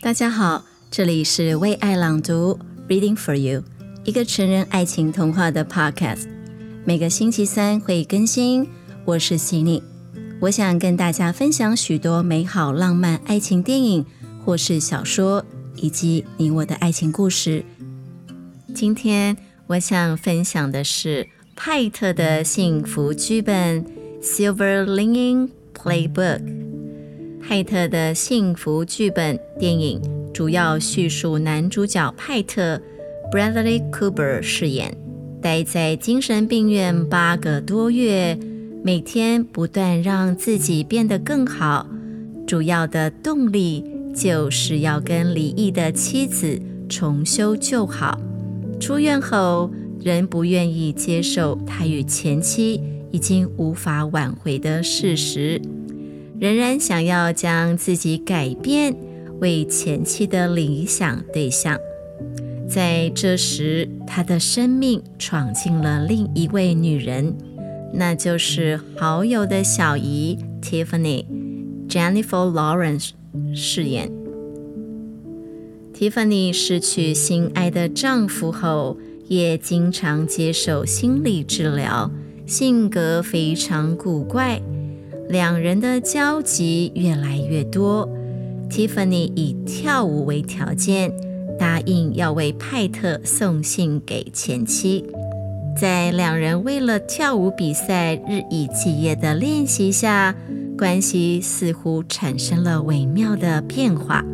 大家好，這裡是為愛朗讀 （Reading for You），一個成人愛情童話的 Podcast，每個星期三會更新。我是西尼。我想跟大家分享許多美好浪漫愛情電影，或是小說，以及你我的愛情故事。今天我想分享的是派特的幸福劇本《Silver Lining Playbook》。派特的幸福劇本電影主要敘述男主角派特 （Bradley Cooper） 飾演，待在精神病院八個多月。每天不斷讓自己變得更好，主要的動力就是要跟離異的妻子重修舊好。出院後，仍不願意接受他與前妻已經無法挽回的事實，仍然想要將自己改變為前妻的理想對象。在這時，他的生命闖進了另一位女人。那就是好友的小姨 Tiffany、Jennifer Lawrence 飾演。Tiffany 失去心愛的丈夫後，也經常接受心理治療，性格非常古怪。兩人的交集越來越多。Tiffany 以跳舞為條件，答應要為派特送信給前妻。在兩人為了跳舞比賽日以繼夜的練習下，關係似乎產生了微妙的變化。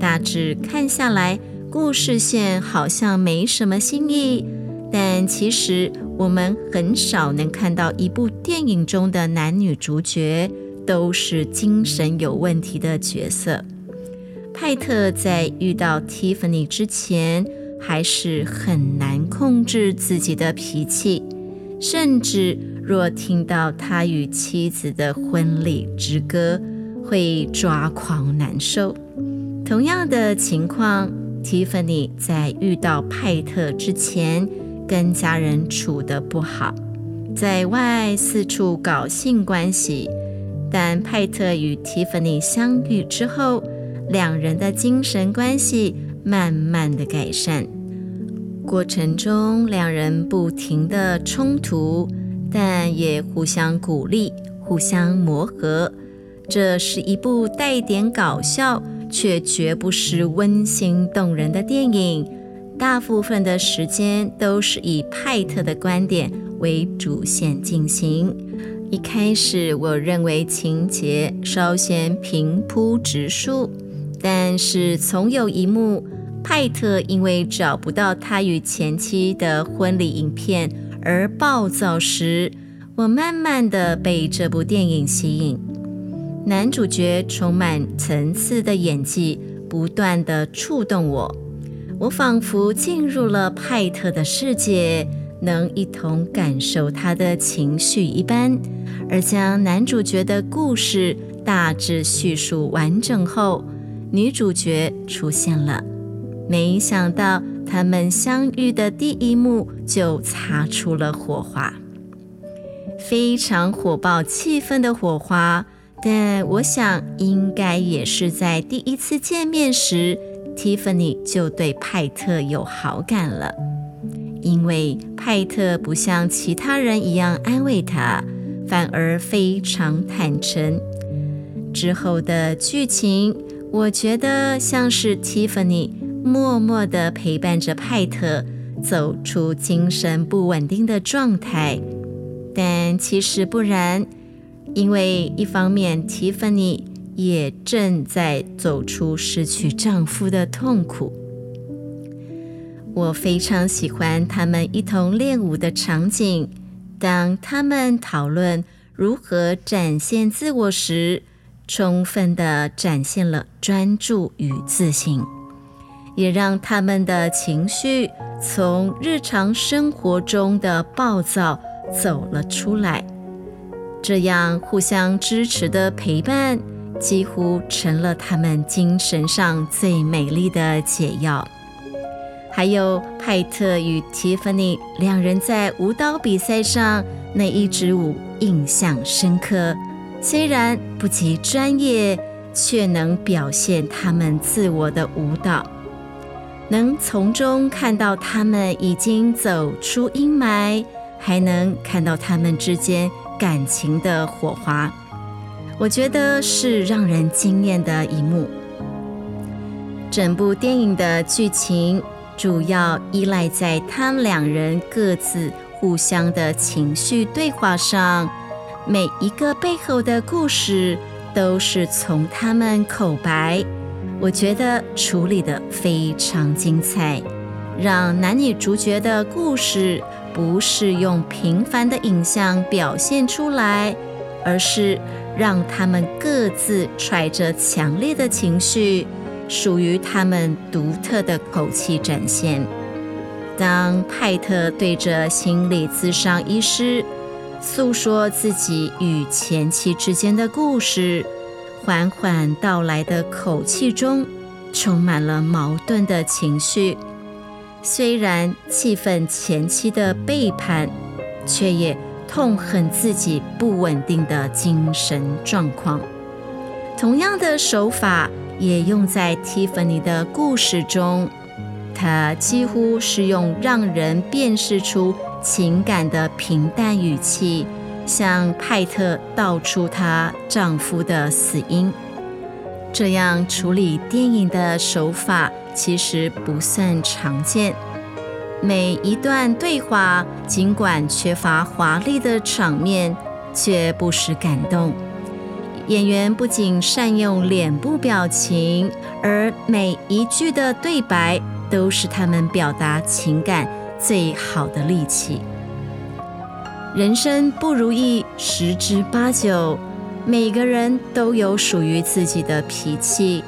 大致看下來，故事線好像沒什麼新意，但其實我們很少能看到一部電影中的男女主角都是精神有問題的角色。派特在遇到 Tiffany 之前，還是很難控制自己的脾氣，甚至若聽到他與妻子的婚禮之歌，會抓狂難受。同樣的情況，蒂芬尼在遇到派特之前，跟家人處得不好，在外四處搞性關係。但派特與蒂芬尼相遇之後，兩人的精神關係慢慢的改善。過程中，兩人不停地衝突，但也互相鼓勵、互相磨合。這是一部帶點搞笑，卻絕不失溫馨動人的電影。大部分的時間都是以派特的觀點為主線進行。一開始，我認為情節稍顯平鋪直敘，但是總有一幕，派特因為找不到他與前妻的婚禮影片而暴躁時，我慢慢的被這部電影吸引。男主角充滿層次的演技不斷地觸動我，我仿佛進入了派特的世界，能一同感受他的情緒一般。而將男主角的故事大致敘述完整後，女主角出現了。沒想到他們相遇的第一幕就擦出了火花，非常火爆氣氛的火花。但我想，應該也是在第一次見面時，Tiffany 就對派特有好感了，因為派特不像其他人一樣安慰他，反而非常坦誠。之後的劇情，我覺得像是 Tiffany。默默的陪伴着派特走出精神不穩定的狀態，但其實不然，因為一方面，提芬尼也正在走出失去丈夫的痛苦。我非常喜歡他們一同練舞的場景，當他們討論如何展現自我時，充分的展現了專注與自信。也讓他們的情緒從日常生活中的暴躁走了出來。這樣互相支持的陪伴，幾乎成了他們精神上最美麗的解藥。還有派特與 Tiffany 兩人在舞蹈比賽上那一支舞，印象深刻。雖然不及專業，卻能表現他們自我的舞蹈。能從中看到他們已經走出陰霾，還能看到他們之間感情的火花，我覺得是讓人驚艷的一幕。整部電影的劇情主要依賴在他們兩人各自互相的情緒對話上，每一個背後的故事都是從他們口白。我覺得處理得非常精彩，讓男女主角的故事不是用平凡的影像表現出來，而是讓他們各自揣着強烈的情緒，屬於他們獨特的口氣展現。當派特對着心理諮商醫師訴說自己與前妻之間的故事。緩緩道來的口氣中，充滿了矛盾的情緒。雖然氣憤前妻的背叛，卻也痛恨自己不穩定的精神狀況。同樣的手法也用在蒂凡尼的故事中，他幾乎是用讓人辨識出情感的平淡語氣向派特道出她丈夫的死因，這樣處理電影的手法其實不算常見。每一段對話儘管缺乏華麗的場面，卻不失感動。演員不僅善用臉部表情，而每一句的對白都是他們表達情感最好的利器。人生不如意十之八九，每個人都有屬於自己的脾氣，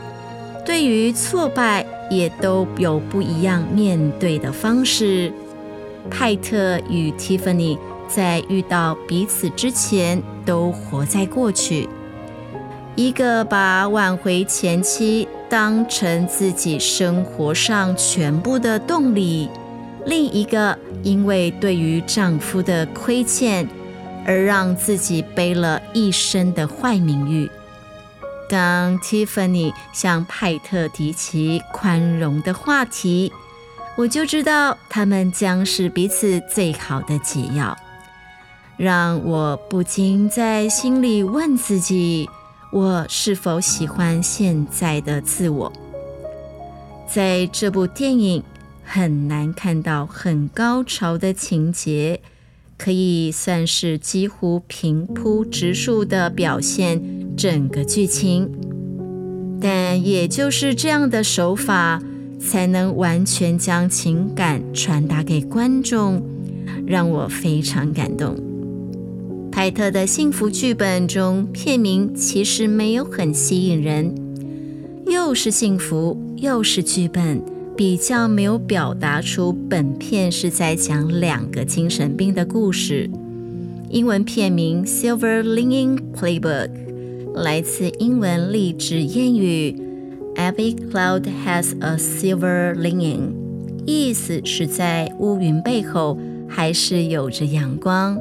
對於挫敗也都有不一樣面對的方式。派特與 Tiffany 在遇到彼此之前，都活在過去，一個把挽回前妻當成自己生活上全部的動力。另一個因為對於丈夫的虧欠，而讓自己背了一身的壞名譽。當 Tiffany 向派特提起寬容的話題，我就知道他們將是彼此最好的解藥。讓我不禁在心裡問自己：我是否喜歡現在的自我？在這部電影。很難看到很高潮的情節，可以算是幾乎平鋪直敘的表現整個劇情。但也就是這樣的手法，才能完全將情感傳達給觀眾，讓我非常感動。派特的幸福劇本中片名其實沒有很吸引人，又是幸福，又是劇本。比較沒有表達出本片是在講兩個精神病的故事。英文片名《Silver Lining Playbook》來自英文勵志諺語：“Every cloud has a silver lining”，意思是在烏雲背後還是有着陽光，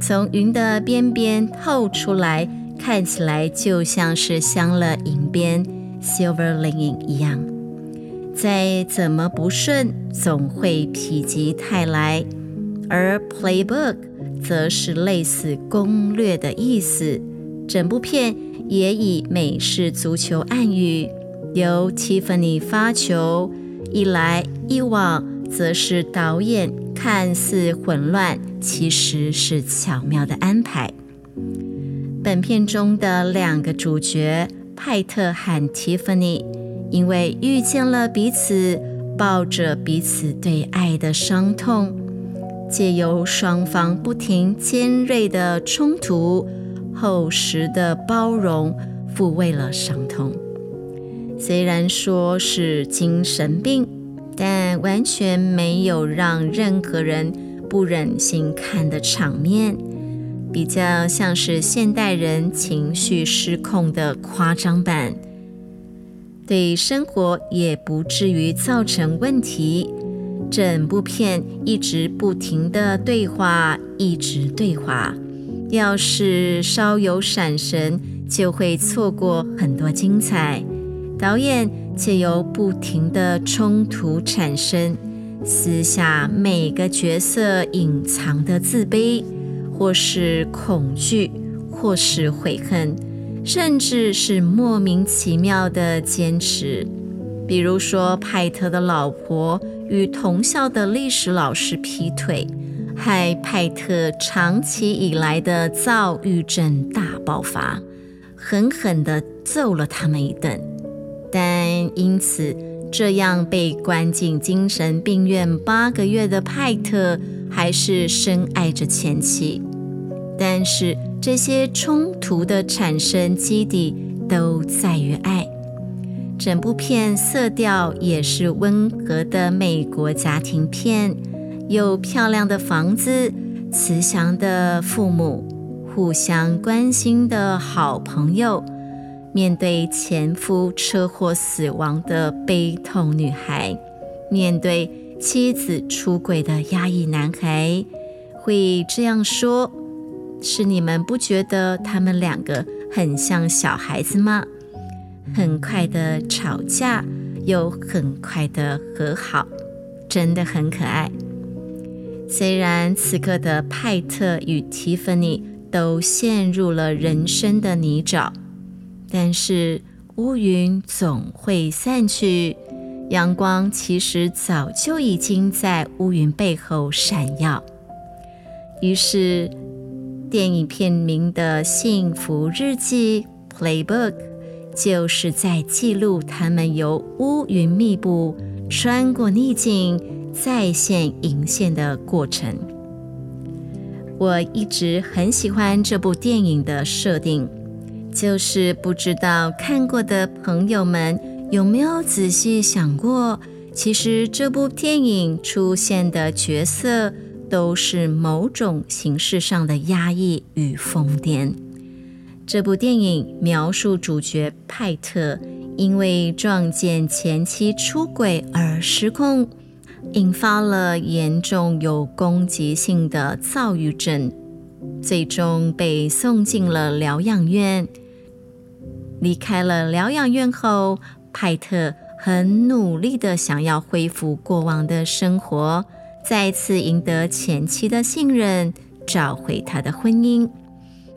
從雲的邊邊透出來，看起來就像是鑲了銀邊 （silver lining） 一樣。再怎麼不順，總會否極泰來。而 playbook 則是類似攻略的意思。整部片也以美式足球暗語，由 Tiffany 發球，一來一往，則是導演看似混亂，其實是巧妙的安排。本片中的兩個主角，派特和 Tiffany。因為遇見了彼此，抱着彼此對愛的傷痛，借由雙方不停尖銳的衝突、厚實的包容，撫慰了傷痛。雖然說是精神病，但完全沒有讓任何人不忍心看的場面，比較像是現代人情緒失控的誇張版。對生活也不至於造成問題。整部片一直不停的對話，一直對話。要是稍有閃神，就會錯過很多精彩。導演藉由不停的衝突產生，撕下每個角色隱藏的自卑，或是恐懼，或是悔恨。甚至是莫名其妙的堅持，比如說派特的老婆與同校的歷史老師劈腿，害派特長期以來的躁鬱症大爆發，狠狠地揍了他們一頓。但因此這樣被關進精神病院八個月的派特，還是深愛着前妻，但是。這些衝突的產生基底都在於愛。整部片色調也是溫和的美國家庭片，有漂亮的房子，慈祥的父母，互相關心的好朋友。面對前夫車禍死亡的悲痛女孩，面對妻子出軌的壓抑男孩，會這樣說。是你們不覺得他們兩個很像小孩子嗎？很快的吵架，又很快的和好，真的很可愛。雖然此刻的派特與提芬妮都陷入了人生的泥沼，但是烏雲總會散去，陽光其實早就已經在烏雲背後閃耀。於是。電影片名的《幸福日記》Playbook，就是在記錄他們由烏雲密佈、穿過逆境、再現銀線的過程。我一直很喜歡這部電影的設定，就是不知道看過的朋友們有沒有仔細想過，其實這部電影出現的角色。都是某種形式上的壓抑與瘋癲。這部電影描述主角派特因為撞見前妻出軌而失控，引發了嚴重有攻擊性的躁鬱症，最終被送進了療養院。離開了療養院後，派特很努力的想要恢復過往的生活。再次贏得前妻的信任，找回他的婚姻。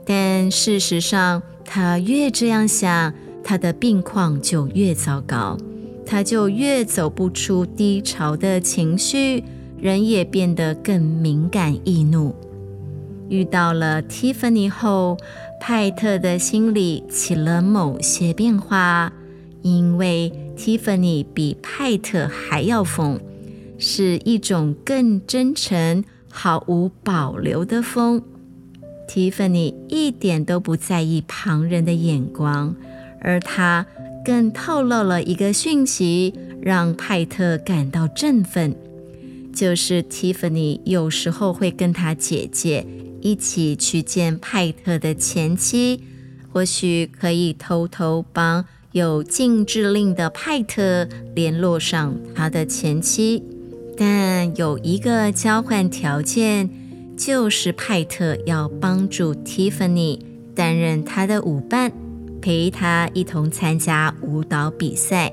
但事實上，他越這樣想，他的病況就越糟糕，他就越走不出低潮的情緒，人也變得更敏感易怒。遇到了 Tiffany 後，派特的心裡起了某些變化，因為 Tiffany 比派特還要瘋。是一種更真誠、毫無保留的風。Tiffany 一點都不在意旁人的眼光，而她更透露了一個訊息，讓派特感到振奮。就是 Tiffany 有時候會跟她姐姐一起去見派特的前妻，或許可以偷偷幫有禁制令的派特聯絡上他的前妻。但有一個交換條件，就是派特要幫助 Tiffany 擔任他的舞伴，陪他一同參加舞蹈比賽。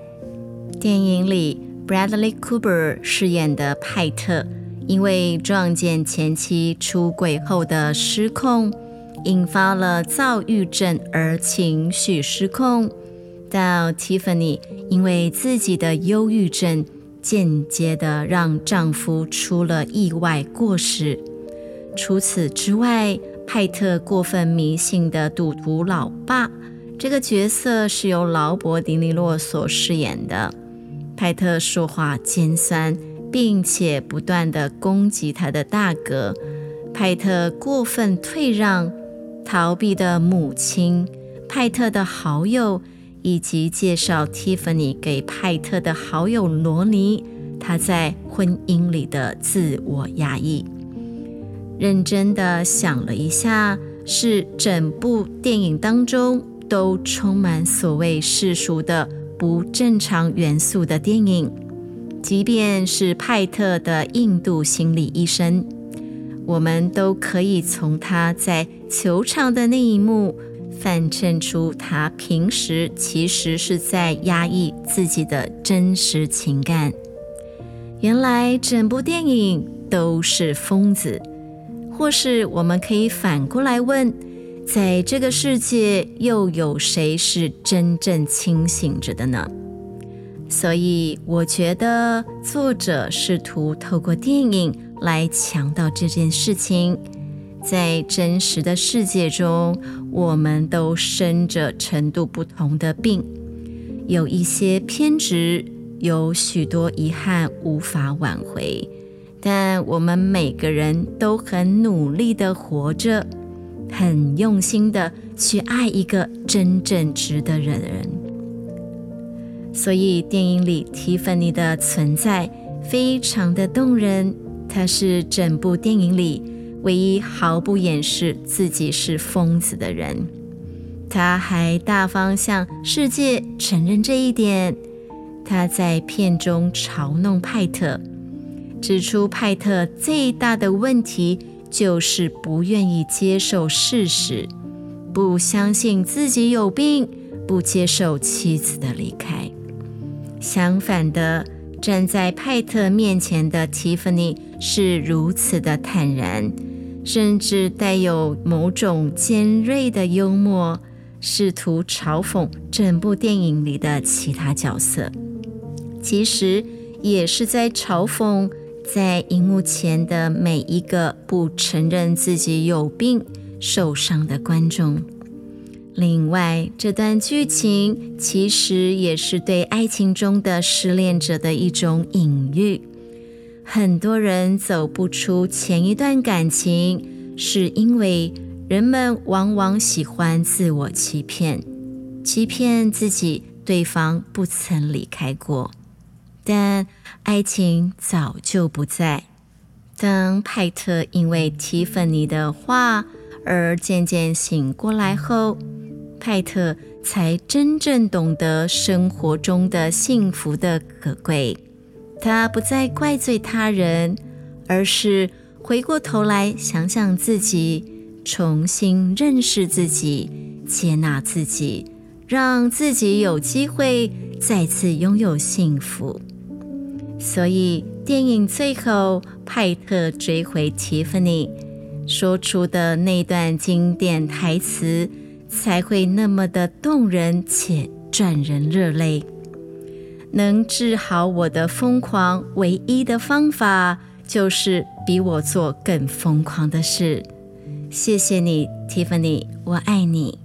電影裡，Bradley Cooper 飾演的派特因為撞見前妻出軌後的失控，引發了躁鬱症而情緒失控；到 Tiffany 因為自己的憂鬱症。間接的讓丈夫出了意外過世。除此之外，派特過分迷信的賭徒老爸這個角色是由勞勃·迪尼洛所飾演的。派特說話尖酸，並且不斷的攻擊他的大哥。派特過分退讓、逃避的母親。派特的好友。以及介紹 Tiffany 給派特的好友羅尼，他在婚姻裡的自我壓抑。認真的想了一下，是整部電影當中都充滿所謂世俗的不正常元素的電影。即便是派特的印度心理醫生，我們都可以從他在球場的那一幕。反襯出他平時其實是在壓抑自己的真實情感。原來整部電影都是瘋子，或是我們可以反過來問，在這個世界又有誰是真正清醒着的呢？所以我覺得作者試圖透過電影來強調這件事情。在真實的世界中，我們都生着程度不同的病，有一些偏執，有許多遺憾無法挽回。但我們每個人都很努力的活着，很用心的去愛一個真正值得的人。所以電影裡提芬妮的存在非常的動人，她是整部電影裡。唯一毫不掩飾自己是瘋子的人，他還大方向世界承認這一點。他在片中嘲弄派特，指出派特最大的問題就是不願意接受事實，不相信自己有病，不接受妻子的離開。相反的，站在派特面前的蒂芙尼是如此的坦然。甚至帶有某種尖銳的幽默，試圖嘲諷整部電影裡的其他角色，其實也是在嘲諷在熒幕前的每一個不承認自己有病、受傷的觀眾。另外，這段劇情其實也是對愛情中的失戀者的一種隱喻。很多人走不出前一段感情，是因為人們往往喜歡自我欺騙，欺騙自己對方不曾離開過，但愛情早就不在。當派特因為提芬尼的話而漸漸醒過來後，派特才真正懂得生活中的幸福的可貴。他不再怪罪他人，而是回過頭來想想自己，重新認識自己，接納自己，讓自己有機會再次擁有幸福。所以，電影最後，派特追回 Tiffany，說出的那段經典台詞，才會那麼的動人且賺人熱淚。能治好我的瘋狂，唯一的方法就是比我做更瘋狂的事。謝謝你，蒂芙尼，我愛你。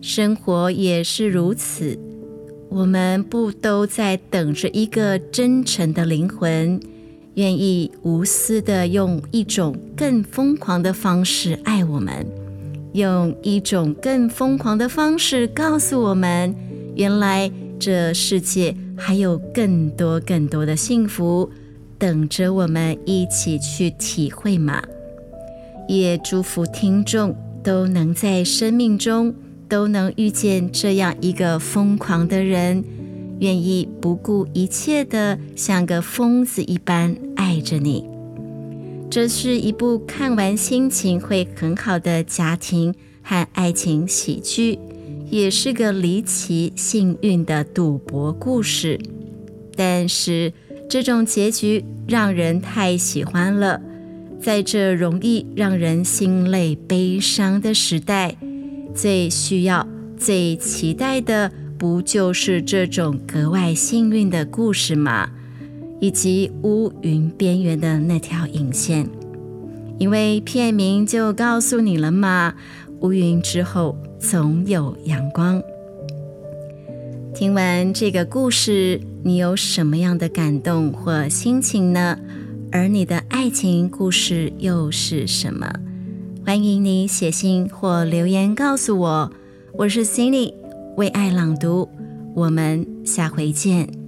生活也是如此，我們不都在等着一個真誠的靈魂，願意無私的用一種更瘋狂的方式愛我們，用一種更瘋狂的方式告訴我們，原來這世界。還有更多更多的幸福等着我們一起去體會嘛。也祝福聽眾都能在生命中都能遇見這樣一個瘋狂的人，願意不顧一切的像個瘋子一般愛着你。這是一部看完心情會很好的家庭和愛情喜劇。也是個離奇幸運的賭博故事，但是這種結局讓人太喜歡了。在這容易讓人心累悲傷的時代，最需要、最期待的不就是這種格外幸運的故事嗎？以及烏雲邊緣的那條銀線，因為片名就告訴你了嘛，烏雲之後，總有陽光。聽完這個故事，你有什麼樣的感動或心情呢？而你的愛情故事又是什麼？歡迎你寫信或留言告訴我。我是 Cindy，為愛朗讀。我們下回見。